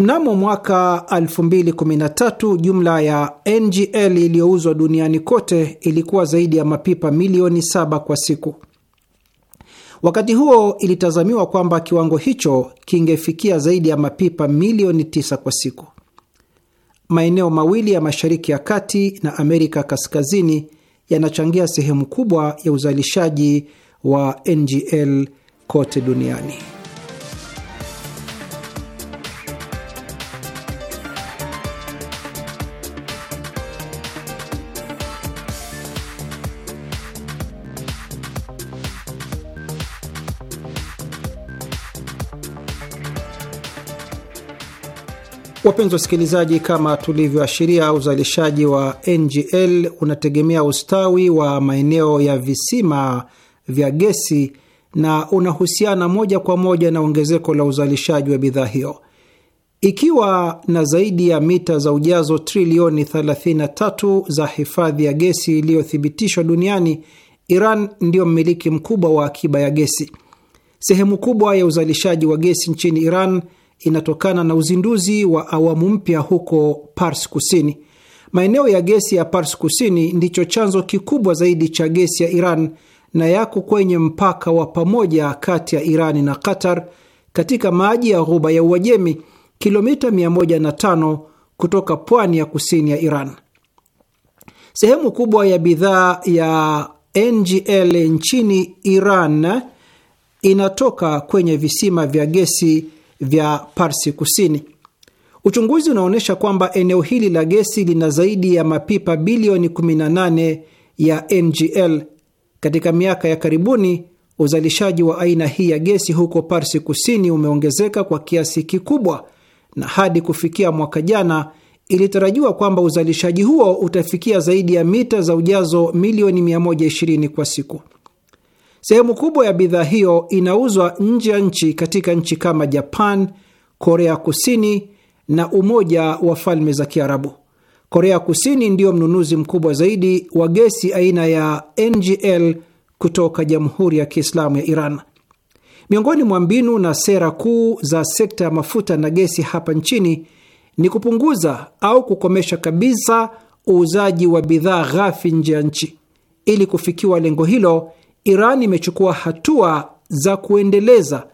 Mnamo mwaka 2013 jumla ya NGL iliyouzwa duniani kote ilikuwa zaidi ya mapipa milioni saba kwa siku. Wakati huo ilitazamiwa kwamba kiwango hicho kingefikia zaidi ya mapipa milioni tisa kwa siku. Maeneo mawili ya Mashariki ya Kati na Amerika Kaskazini yanachangia sehemu kubwa ya uzalishaji wa NGL kote duniani. Wapenzi wasikilizaji, kama tulivyoashiria, uzalishaji wa NGL unategemea ustawi wa maeneo ya visima vya gesi na unahusiana moja kwa moja na ongezeko la uzalishaji wa bidhaa hiyo. Ikiwa na zaidi ya mita za ujazo trilioni 33 za hifadhi ya gesi iliyothibitishwa duniani, Iran ndiyo mmiliki mkubwa wa akiba ya gesi. Sehemu kubwa ya uzalishaji wa gesi nchini Iran inatokana na uzinduzi wa awamu mpya huko Pars Kusini. Maeneo ya gesi ya Pars Kusini ndicho chanzo kikubwa zaidi cha gesi ya Iran na yako kwenye mpaka wa pamoja kati ya iran na Qatar katika maji ya ghuba ya Uajemi, kilomita 105 kutoka pwani ya kusini ya Iran. Sehemu kubwa ya bidhaa ya NGL nchini Iran inatoka kwenye visima vya gesi vya Parsi Kusini. Uchunguzi unaonyesha kwamba eneo hili la gesi lina zaidi ya mapipa bilioni 18 ya NGL. Katika miaka ya karibuni, uzalishaji wa aina hii ya gesi huko Parsi Kusini umeongezeka kwa kiasi kikubwa, na hadi kufikia mwaka jana ilitarajiwa kwamba uzalishaji huo utafikia zaidi ya mita za ujazo milioni 120 kwa siku. Sehemu kubwa ya bidhaa hiyo inauzwa nje ya nchi katika nchi kama Japan, Korea Kusini na Umoja wa Falme za Kiarabu. Korea Kusini ndiyo mnunuzi mkubwa zaidi wa gesi aina ya NGL kutoka Jamhuri ya Kiislamu ya Iran. Miongoni mwa mbinu na sera kuu za sekta ya mafuta na gesi hapa nchini ni kupunguza au kukomesha kabisa uuzaji wa bidhaa ghafi nje ya nchi. Ili kufikiwa lengo hilo, Iran imechukua hatua za kuendeleza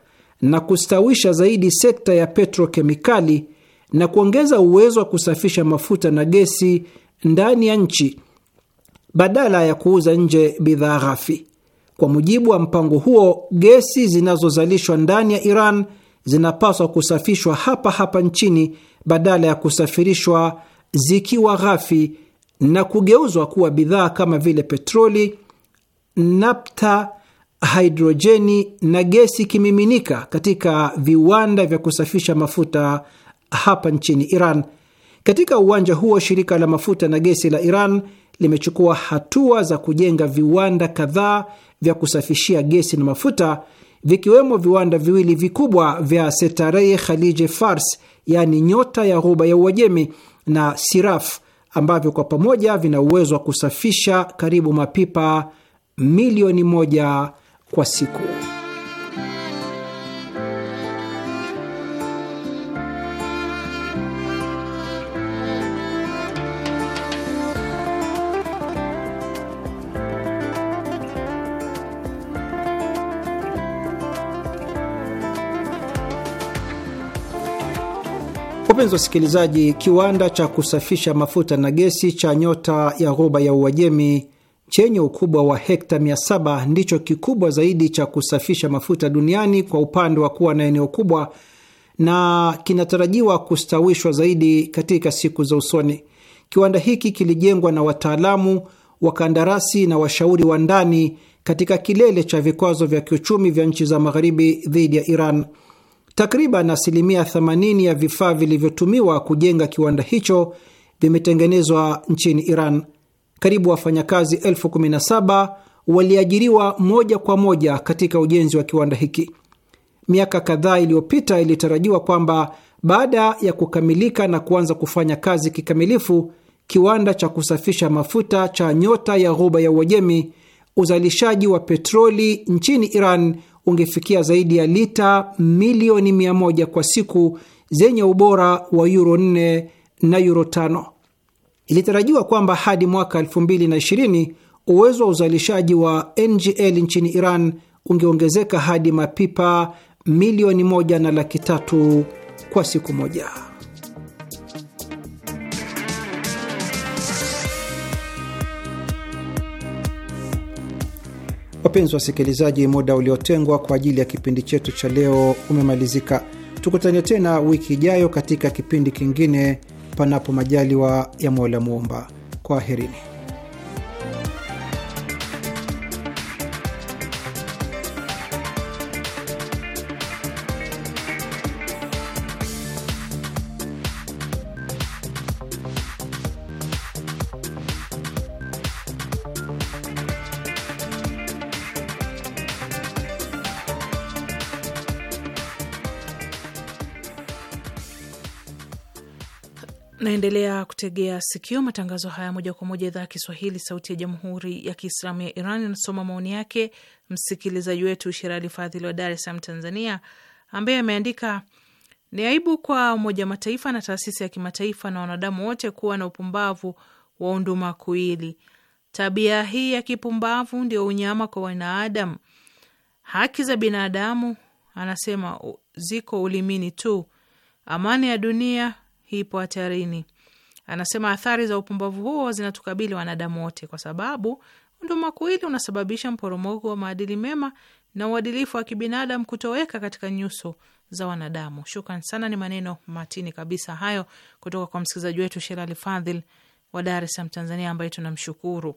na kustawisha zaidi sekta ya petrokemikali na kuongeza uwezo wa kusafisha mafuta na gesi ndani ya nchi badala ya kuuza nje bidhaa ghafi. Kwa mujibu wa mpango huo, gesi zinazozalishwa ndani ya Iran zinapaswa kusafishwa hapa hapa nchini badala ya kusafirishwa zikiwa ghafi na kugeuzwa kuwa bidhaa kama vile petroli, napta, hidrojeni na gesi kimiminika katika viwanda vya kusafisha mafuta hapa nchini Iran. Katika uwanja huo, shirika la mafuta na gesi la Iran limechukua hatua za kujenga viwanda kadhaa vya kusafishia gesi na mafuta vikiwemo viwanda viwili vikubwa vya Setarei Khalije Fars, yaani nyota ya ghuba ya Uajemi, na Siraf ambavyo kwa pamoja vina uwezo wa kusafisha karibu mapipa milioni moja kwa siku. Wapenzi wasikilizaji, kiwanda cha kusafisha mafuta na gesi cha nyota ya ghuba ya Uajemi chenye ukubwa wa hekta 700 ndicho kikubwa zaidi cha kusafisha mafuta duniani kwa upande wa kuwa na eneo kubwa na kinatarajiwa kustawishwa zaidi katika siku za usoni. Kiwanda hiki kilijengwa na wataalamu, wakandarasi na washauri wa ndani katika kilele cha vikwazo vya kiuchumi vya nchi za magharibi dhidi ya Iran. Takriban asilimia 80 ya vifaa vilivyotumiwa kujenga kiwanda hicho vimetengenezwa nchini Iran. Karibu wafanyakazi elfu kumi na saba waliajiriwa moja kwa moja katika ujenzi wa kiwanda hiki. Miaka kadhaa iliyopita, ilitarajiwa kwamba baada ya kukamilika na kuanza kufanya kazi kikamilifu kiwanda cha kusafisha mafuta cha Nyota ya Ghuba ya Uajemi, uzalishaji wa petroli nchini Iran ungefikia zaidi ya lita milioni 100 kwa siku zenye ubora wa yuro 4 na yuro 5. Ilitarajiwa kwamba hadi mwaka 2020 uwezo wa uzalishaji wa NGL nchini Iran ungeongezeka hadi mapipa milioni moja na laki tatu kwa siku moja. Wapenzi wasikilizaji, muda uliotengwa kwa ajili ya kipindi chetu cha leo umemalizika. Tukutane tena wiki ijayo katika kipindi kingine panapo majaliwa ya Mola Muumba. Kwaherini. Mnaendelea kutegea sikio matangazo haya moja kwa moja, idhaa ya Kiswahili, sauti ya jamhuri ya kiislamu ya Iran. Inasoma maoni yake msikilizaji wetu Sherali Fadhili wa Dar es Salaam, Tanzania, ambaye ameandika ni aibu kwa Umoja wa Mataifa na taasisi ya kimataifa na wanadamu wote kuwa na upumbavu wa unduma kuili. Tabia hii ya kipumbavu ndio unyama kwa wanadamu. Haki za binadamu, anasema, ziko ulimini tu. Amani ya dunia ipo hatarini. Anasema athari za upumbavu huo zinatukabili wanadamu wote, kwa sababu ndumakuili unasababisha mporomoko wa maadili mema na uadilifu wa kibinadamu kutoweka katika nyuso za wanadamu. Shukran sana, ni maneno matini kabisa hayo kutoka kwa msikilizaji wetu Sherali Fadhil wa Dar es Salaam, Tanzania, ambaye tunamshukuru.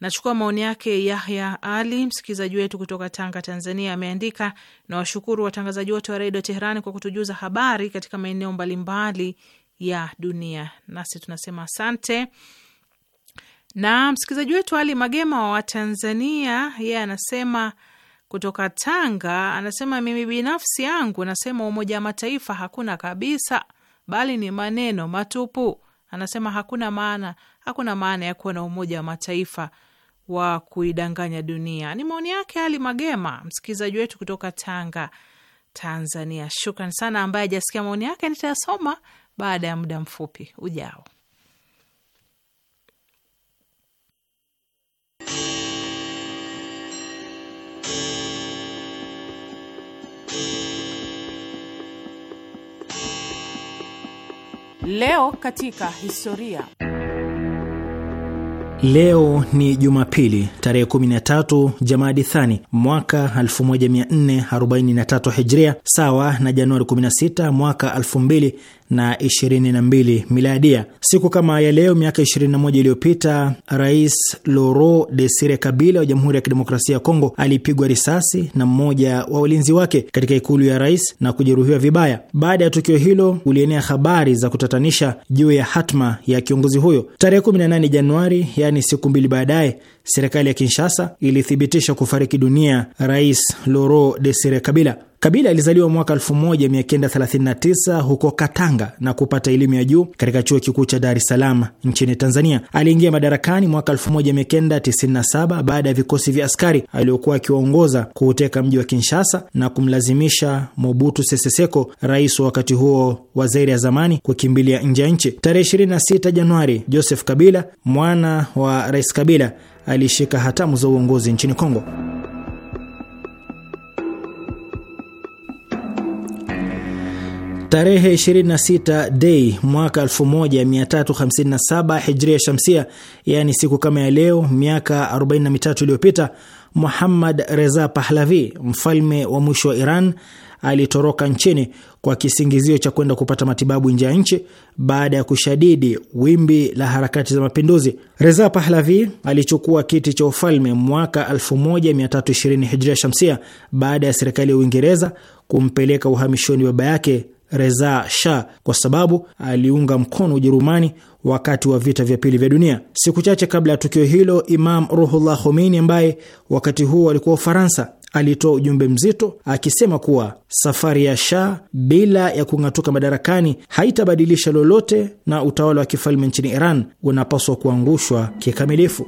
Nachukua maoni yake Yahya Ali, msikilizaji wetu kutoka Tanga, Tanzania. Ameandika, nawashukuru watangazaji wote wa redio Teherani kwa kutujuza habari katika maeneo mbalimbali ya dunia. Nasi tunasema asante. Na msikilizaji wetu Ali Magema wa Tanzania, yeye anasema kutoka Tanga, anasema mimi binafsi yangu nasema Umoja wa Mataifa hakuna kabisa, bali ni maneno matupu. Anasema hakuna maana, hakuna maana ya kuwa na Umoja wa Mataifa wa kuidanganya dunia. Ni maoni yake Ali Magema, msikilizaji wetu kutoka Tanga, Tanzania. Shukran sana, ambaye hajasikia maoni yake nitayasoma baada ya muda mfupi ujao. Leo katika historia. Leo ni Jumapili tarehe 13 Jamadi Thani mwaka 1443 Hijria, sawa na Januari 16 mwaka na 22 miladia. Siku kama ya leo miaka 21 iliyopita, Rais Laurent Desire Kabila wa Jamhuri ya Kidemokrasia ya Kongo alipigwa risasi na mmoja wa ulinzi wake katika ikulu ya rais na kujeruhiwa vibaya. Baada ya tukio hilo, ulienea habari za kutatanisha juu ya hatma ya kiongozi huyo. Tarehe 18 Januari, yaani siku mbili baadaye, serikali ya Kinshasa ilithibitisha kufariki dunia Rais Loro Desire Kabila. Kabila alizaliwa mwaka 1939 huko Katanga na kupata elimu ya juu katika chuo kikuu cha Dar es Salaam nchini Tanzania. Aliingia madarakani mwaka 1997 baada ya vikosi vya askari aliyokuwa akiwaongoza kuuteka mji wa Kinshasa na kumlazimisha Mobutu Sese Seko, rais wa wakati huo wa Zaire ya zamani, kukimbilia nje ya nchi. Tarehe 26 Januari, Joseph Kabila mwana wa Rais Kabila alishika hatamu za uongozi nchini Kongo. Tarehe 26 Dei mwaka 1357 Hijria Shamsia, yaani siku kama ya leo miaka 43 iliyopita, Muhammad Reza Pahlavi, mfalme wa mwisho wa Iran, alitoroka nchini kwa kisingizio cha kwenda kupata matibabu nje ya nchi baada ya kushadidi wimbi la harakati za mapinduzi. Reza Pahlavi alichukua kiti cha ufalme mwaka 1320 Hijria Shamsia baada ya serikali ya Uingereza kumpeleka uhamishoni baba yake Reza Shah kwa sababu aliunga mkono Ujerumani wakati wa vita vya pili vya dunia. Siku chache kabla ya tukio hilo, Imam Ruhullah Khomeini ambaye wakati huo alikuwa Ufaransa alitoa ujumbe mzito akisema kuwa safari ya Shah bila ya kung'atuka madarakani haitabadilisha lolote na utawala wa kifalme nchini Iran unapaswa kuangushwa kikamilifu.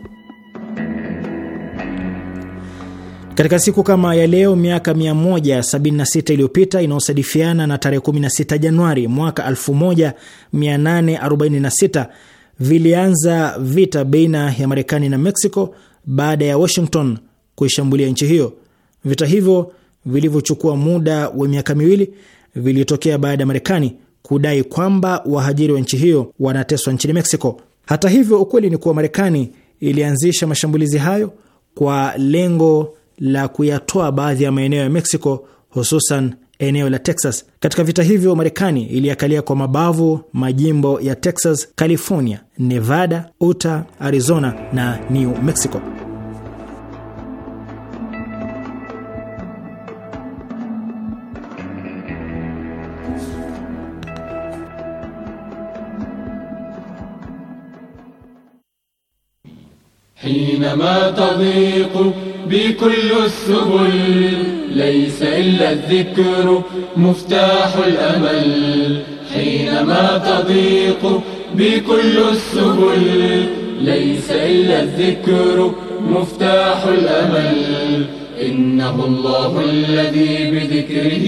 Katika siku kama ya leo miaka 176 iliyopita inayosadifiana na tarehe 16 Januari mwaka 1846 vilianza vita baina ya Marekani na Mexico baada ya Washington kuishambulia nchi hiyo. Vita hivyo vilivyochukua muda wa miaka miwili vilitokea baada ya Marekani kudai kwamba wahajiri wa nchi hiyo wanateswa nchini Mexico. Hata hivyo, ukweli ni kuwa Marekani ilianzisha mashambulizi hayo kwa lengo la kuyatoa baadhi ya maeneo ya Mexico, hususan eneo la Texas. Katika vita hivyo, Marekani iliakalia kwa mabavu majimbo ya Texas, California, Nevada, Utah, Arizona na New Mexico. حينما تضيق بكل السبل ليس إلا الذكر مفتاح الأمل حينما تضيق بكل السبل ليس إلا الذكر مفتاح الأمل إنه الله الذي بذكره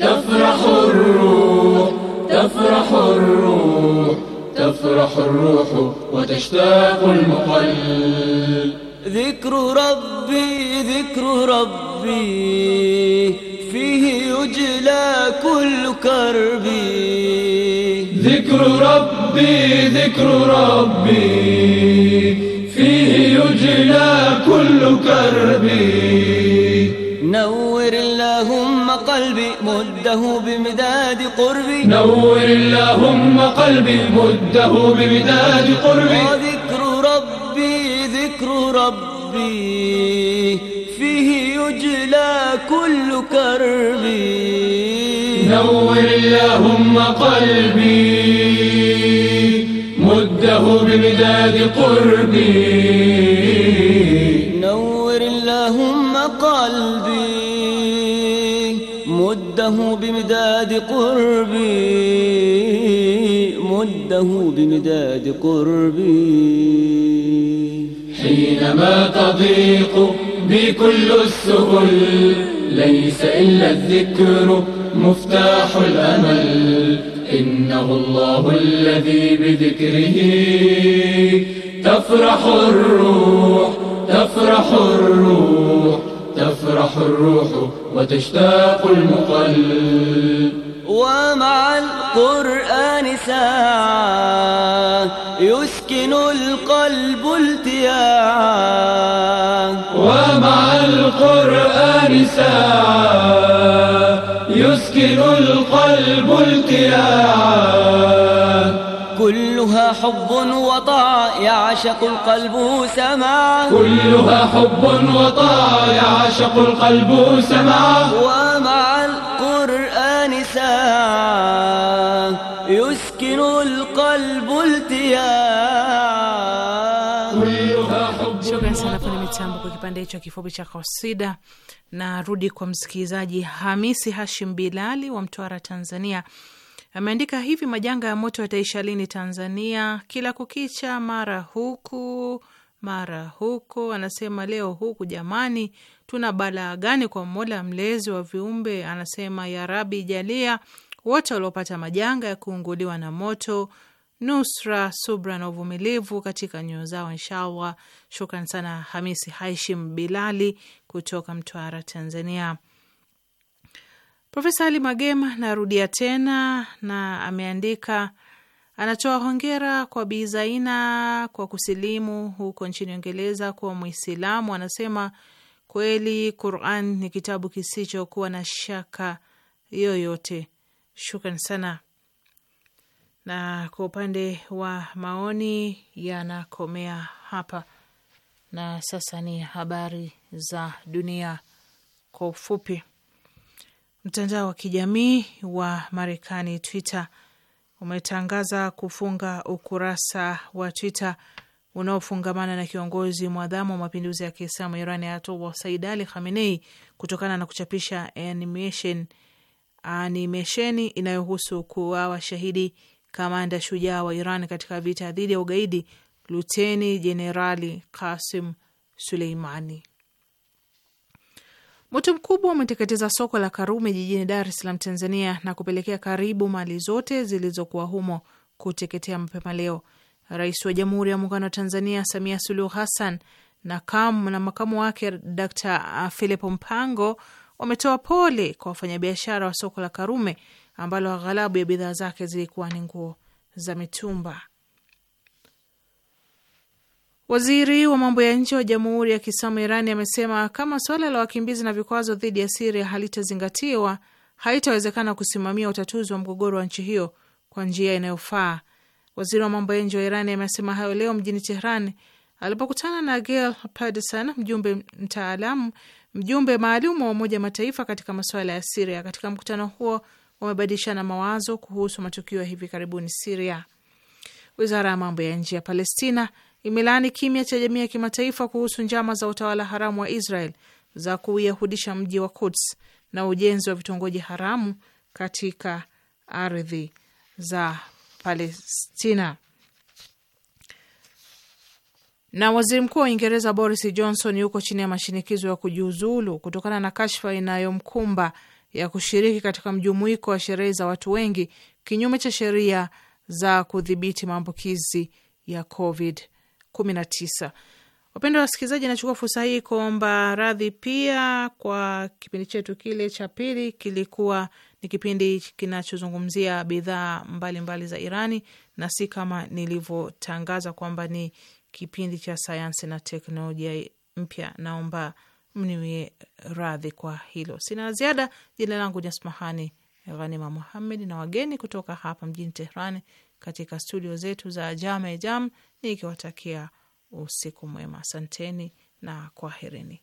تفرح الروح تفرح الروح تفرح الروح وتشتاق المقل ذكر ربي ذكر ربي فيه يجلى كل كربي ذكر ربي ذكر ربي فيه يجلى كل كربي نور اللهم قلبي مده بمداد قربي نور اللهم قلبي مده بمداد قربي ربي فيه يجلى كل كربي نور اللهم قلبي مده بمداد قربي نور اللهم قلبي مده بمداد قربي مده بمداد قربي حينما تضيق بكل السبل ليس إلا الذكر مفتاح الأمل إنه الله الذي بذكره تفرح الروح تفرح الروح تفرح الروح وتشتاق المقلب ومع القرآن ساعة يسكن القلب التياع ومع القرآن ساعة يسكن القلب التياع كلها حب وطاعة يعشق القلب سماع كلها حب وطاعة يعشق القلب سماع يسكن القلب التياء Shukran sana fundi mitambo kwa kipande hicho kifupi cha kosida. Na rudi kwa msikilizaji Hamisi Hashim Bilali wa Mtwara, Tanzania. Ameandika hivi: majanga ya moto yataisha lini Tanzania? Kila kukicha, mara huku mara huku. Anasema leo huku, jamani Tuna balaa gani kwa Mola mlezi wa viumbe? Anasema, ya Rabi, jalia wote waliopata majanga ya kuunguliwa na moto nusra, subra na uvumilivu katika nyoyo zao, inshallah. Shukran sana Hamisi Haishim Bilali kutoka Mtwara, Tanzania. Profesa Ali Magema, narudia tena, na ameandika anatoa hongera kwa Bi Zaina kwa kusilimu huko nchini Uingereza kuwa Mwislamu. Anasema Kweli Quran ni kitabu kisichokuwa na shaka yoyote. Shukran sana. Na kwa upande wa maoni yanakomea hapa, na sasa ni habari za dunia kwa ufupi. Mtandao wa kijamii wa Marekani Twitter umetangaza kufunga ukurasa wa Twitter unaofungamana na kiongozi mwadhamu wa mapinduzi ya Kiislamu Iran Ayatollah Said Ali Khamenei kutokana na kuchapisha animation animesheni inayohusu kuuawa shahidi kamanda shujaa wa Iran katika vita dhidi ya ugaidi Luteni Jenerali Kasim Suleimani. Moto mkubwa umeteketeza soko la Karume jijini Dar es Salaam, Tanzania, na kupelekea karibu mali zote zilizokuwa humo kuteketea mapema leo. Rais wa Jamhuri ya Muungano wa Tanzania Samia Suluhu Hassan na, kam, na makamu wake d Philip Mpango wametoa pole kwa wafanyabiashara wa soko la Karume ambalo aghalabu ya bidhaa zake zilikuwa ni nguo za mitumba. Waziri wa mambo ya nje wa Jamhuri ya Kiislamu Irani amesema kama suala la wakimbizi na vikwazo dhidi ya Siria halitazingatiwa haitawezekana kusimamia utatuzi wa mgogoro wa nchi hiyo kwa njia inayofaa Waziri wa mambo ya nje wa iran amesema hayo leo mjini Tehran alipokutana na Gil Pedersen, mjumbe mtaalamu, mjumbe maalum wa Umoja Mataifa katika masuala ya Siria. Katika mkutano huo wamebadilishana mawazo kuhusu matukio ya hivi karibuni Siria. Wizara ya mambo ya nje ya Palestina imelaani kimya cha jamii ya kimataifa kuhusu njama za utawala haramu wa Israel za kuyahudisha mji wa kuts na ujenzi wa vitongoji haramu katika ardhi za Palestina. Na waziri mkuu wa Uingereza Boris Johnson yuko chini ya mashinikizo ya kujiuzulu kutokana na kashfa inayomkumba ya kushiriki katika mjumuiko wa sherehe za watu wengi kinyume cha sheria za kudhibiti maambukizi ya Covid 19. Wapendwa wa wasikilizaji, nachukua fursa hii kuomba radhi pia kwa kipindi chetu kile cha pili kilikuwa ni kipindi kinachozungumzia bidhaa mbalimbali za Irani, na si kama nilivyotangaza kwamba ni kipindi cha sayansi na teknolojia mpya. Naomba mniwie radhi kwa hilo. Sina la ziada. Jina langu ni Asmahani Ghanima Muhammed, na wageni kutoka hapa mjini Tehran katika studio zetu za Jame Jam, nikiwatakia usiku mwema. Asanteni na kwaherini.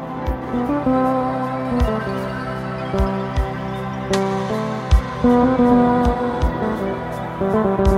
Thank you.